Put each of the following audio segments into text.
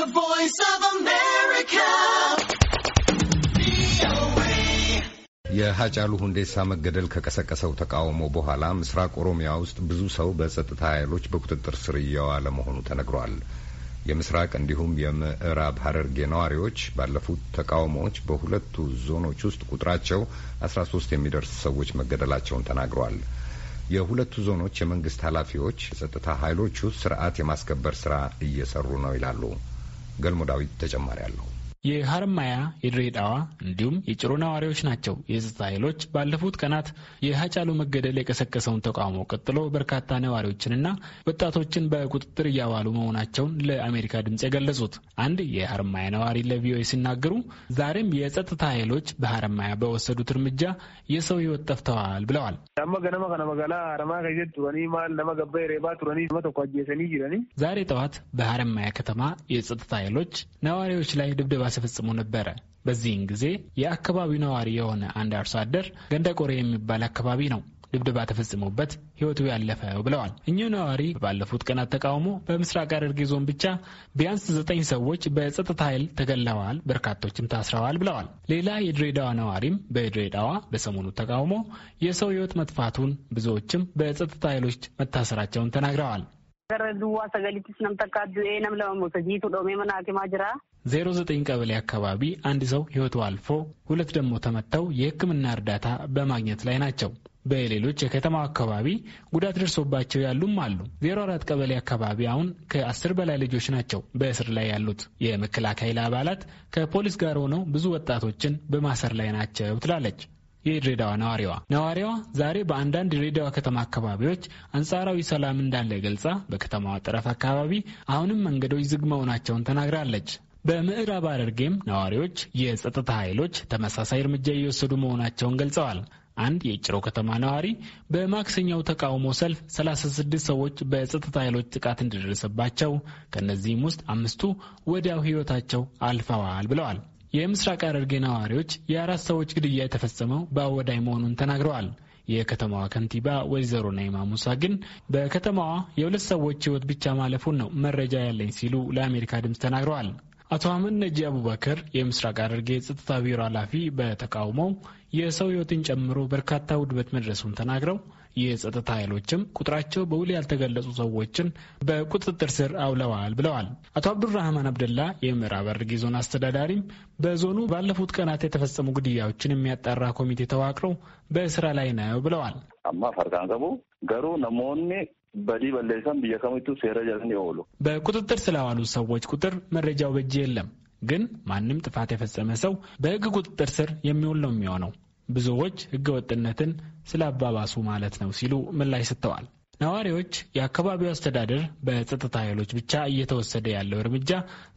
The Voice of America. የሀጫሉ ሁንዴሳ መገደል ከቀሰቀሰው ተቃውሞ በኋላ ምስራቅ ኦሮሚያ ውስጥ ብዙ ሰው በጸጥታ ኃይሎች በቁጥጥር ስር እየዋለ መሆኑ ተነግሯል። የምስራቅ እንዲሁም የምዕራብ ሀረርጌ ነዋሪዎች ባለፉት ተቃውሞዎች በሁለቱ ዞኖች ውስጥ ቁጥራቸው አስራ ሶስት የሚደርስ ሰዎች መገደላቸውን ተናግሯል። የሁለቱ ዞኖች የመንግስት ኃላፊዎች የጸጥታ ኃይሎቹ ስርዓት የማስከበር ስራ እየሰሩ ነው ይላሉ። ገልሞ ዳዊት ተጨማሪ አለሁ የሀረማያ የድሬዳዋ እንዲሁም የጭሮ ነዋሪዎች ናቸው። የጸጥታ ኃይሎች ባለፉት ቀናት የሀጫሉ መገደል የቀሰቀሰውን ተቃውሞ ቀጥሎ በርካታ ነዋሪዎችንና ወጣቶችን በቁጥጥር እያዋሉ መሆናቸውን ለአሜሪካ ድምፅ የገለጹት አንድ የሀረማያ ነዋሪ ለቪኦኤ ሲናገሩ ዛሬም የጸጥታ ኃይሎች በሀረማያ በወሰዱት እርምጃ የሰው ህይወት ጠፍተዋል ብለዋል። ዛሬ ጠዋት በሀረማያ ከተማ የጸጥታ ኃይሎች ነዋሪዎች ላይ ድብደባ ሲፈጽሙ ነበረ። በዚህን ጊዜ የአካባቢው ነዋሪ የሆነ አንድ አርሶ አደር ገንደቆሬ የሚባል አካባቢ ነው ድብደባ ተፈጽሞበት ህይወቱ ያለፈው ብለዋል። እኚሁ ነዋሪ ባለፉት ቀናት ተቃውሞ በምስራቅ ሐረርጌ ዞን ብቻ ቢያንስ ዘጠኝ ሰዎች በጸጥታ ኃይል ተገለዋል፣ በርካቶችም ታስረዋል ብለዋል። ሌላ የድሬዳዋ ነዋሪም በድሬዳዋ በሰሞኑ ተቃውሞ የሰው ህይወት መጥፋቱን ብዙዎችም በጸጥታ ኃይሎች መታሰራቸውን ተናግረዋል። 09 ቀበሌ አካባቢ አንድ ሰው ህይወቱ አልፎ ሁለት ደግሞ ተመተው የህክምና እርዳታ በማግኘት ላይ ናቸው። በሌሎች የከተማው አካባቢ ጉዳት ደርሶባቸው ያሉም አሉ። 04 ቀበሌ አካባቢ አሁን ከአስር በላይ ልጆች ናቸው በእስር ላይ ያሉት። የመከላከያ አባላት ከፖሊስ ጋር ሆነው ብዙ ወጣቶችን በማሰር ላይ ናቸው ትላለች የድሬዳዋ ነዋሪዋ ነዋሪዋ ዛሬ በአንዳንድ የድሬዳዋ ከተማ አካባቢዎች አንጻራዊ ሰላም እንዳለ ገልጻ በከተማዋ ጠረፍ አካባቢ አሁንም መንገዶች ዝግ መሆናቸውን ተናግራለች። በምዕራብ ሐረርጌም ነዋሪዎች የጸጥታ ኃይሎች ተመሳሳይ እርምጃ እየወሰዱ መሆናቸውን ገልጸዋል። አንድ የጭሮ ከተማ ነዋሪ በማክሰኛው ተቃውሞ ሰልፍ 36 ሰዎች በጸጥታ ኃይሎች ጥቃት እንደደረሰባቸው ከእነዚህም ውስጥ አምስቱ ወዲያው ሕይወታቸው አልፈዋል ብለዋል። የምስራቅ ሐረርጌ ነዋሪዎች የአራት ሰዎች ግድያ የተፈጸመው በአወዳይ መሆኑን ተናግረዋል። የከተማዋ ከንቲባ ወይዘሮ ናይማ ሙሳ ግን በከተማዋ የሁለት ሰዎች ሕይወት ብቻ ማለፉን ነው መረጃ ያለኝ ሲሉ ለአሜሪካ ድምፅ ተናግረዋል። አቶ አህመድ ነጂ አቡበከር የምስራቅ ሐረርጌ የጸጥታ ቢሮ ኃላፊ በተቃውሞው የሰው ህይወትን ጨምሮ በርካታ ውድመት መድረሱን ተናግረው የጸጥታ ኃይሎችም ቁጥራቸው በውል ያልተገለጹ ሰዎችን በቁጥጥር ስር አውለዋል ብለዋል። አቶ አብዱራህማን አብደላ የምዕራብ ሐረርጌ ዞን አስተዳዳሪም በዞኑ ባለፉት ቀናት የተፈጸሙ ግድያዎችን የሚያጣራ ኮሚቴ ተዋቅረው በስራ ላይ ነው ብለዋል። አማ ፈርጋን ገቡ ገሩ ነሞኔ በዲ በለይሳም ብየ ሴረ ጀለን የወሉ በቁጥጥር ስለዋሉ ሰዎች ቁጥር መረጃው በእጅ የለም። ግን ማንም ጥፋት የፈጸመ ሰው በህግ ቁጥጥር ስር የሚውል ነው የሚሆነው። ብዙዎች ህገወጥነትን ወጥነትን ስላባባሱ ማለት ነው ሲሉ ምላሽ ሰጥተዋል። ነዋሪዎች የአካባቢው አስተዳደር በጸጥታ ኃይሎች ብቻ እየተወሰደ ያለው እርምጃ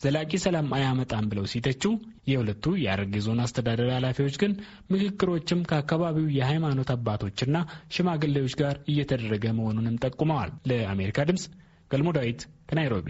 ዘላቂ ሰላም አያመጣም ብለው ሲተቹ፣ የሁለቱ የአረጌ ዞን አስተዳደር ኃላፊዎች ግን ምክክሮችም ከአካባቢው የሃይማኖት አባቶችና ሽማግሌዎች ጋር እየተደረገ መሆኑንም ጠቁመዋል። ለአሜሪካ ድምፅ ገልሞ ዳዊት ከናይሮቢ